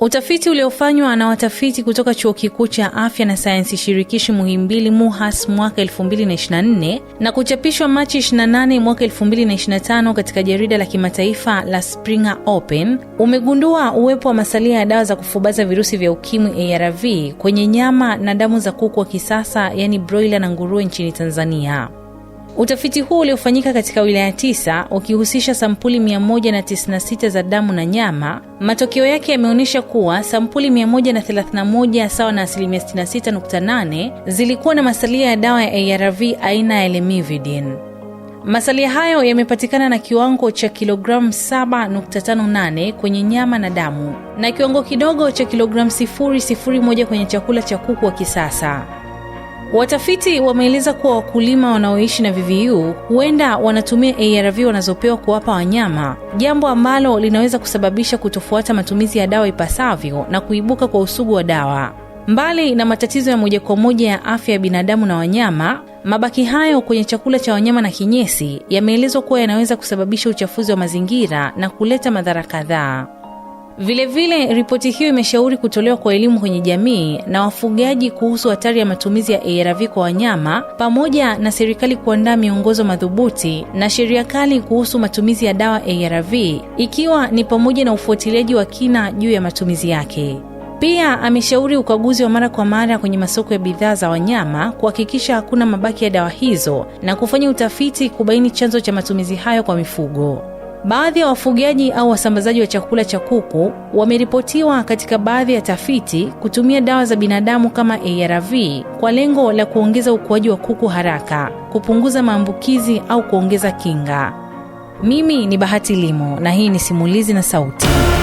Utafiti uliofanywa na watafiti kutoka Chuo Kikuu cha Afya na Sayansi Shirikishi Muhimbili MUHAS mwaka 2024 na kuchapishwa Machi 28 mwaka 2025 katika jarida la kimataifa la Springer Open umegundua uwepo wa masalia ya dawa za kufubaza virusi vya ukimwi ARV kwenye nyama na damu za kuku wa kisasa yaani broiler na nguruwe nchini Tanzania. Utafiti huu uliofanyika katika wilaya tisa ukihusisha sampuli 196 za damu na nyama, matokeo yake yameonyesha kuwa sampuli 131 sawa na asilimia 66.8 zilikuwa na masalia ya dawa ya ARV aina ya lemividin Masalia hayo yamepatikana na kiwango cha kilogramu 7.58 kwenye nyama na damu na kiwango kidogo cha kilogramu 0.01 kwenye chakula cha kuku wa kisasa. Watafiti wameeleza kuwa wakulima wanaoishi na VVU huenda wanatumia ARV wanazopewa kuwapa wanyama, jambo ambalo linaweza kusababisha kutofuata matumizi ya dawa ipasavyo na kuibuka kwa usugu wa dawa. Mbali na matatizo ya moja kwa moja ya afya ya binadamu na wanyama, mabaki hayo kwenye chakula cha wanyama na kinyesi yameelezwa kuwa yanaweza kusababisha uchafuzi wa mazingira na kuleta madhara kadhaa. Vilevile, ripoti hiyo imeshauri kutolewa kwa elimu kwenye jamii na wafugaji kuhusu hatari ya matumizi ya ARV kwa wanyama, pamoja na serikali kuandaa miongozo madhubuti na sheria kali kuhusu matumizi ya dawa ARV, ikiwa ni pamoja na ufuatiliaji wa kina juu ya matumizi yake. Pia ameshauri ukaguzi wa mara kwa mara kwenye masoko ya bidhaa za wanyama kuhakikisha hakuna mabaki ya dawa hizo na kufanya utafiti kubaini chanzo cha matumizi hayo kwa mifugo. Baadhi ya wafugaji au wasambazaji wa chakula cha kuku wameripotiwa katika baadhi ya tafiti kutumia dawa za binadamu kama ARV kwa lengo la kuongeza ukuaji wa kuku haraka, kupunguza maambukizi au kuongeza kinga. Mimi ni Bahati Limo na hii ni Simulizi na Sauti.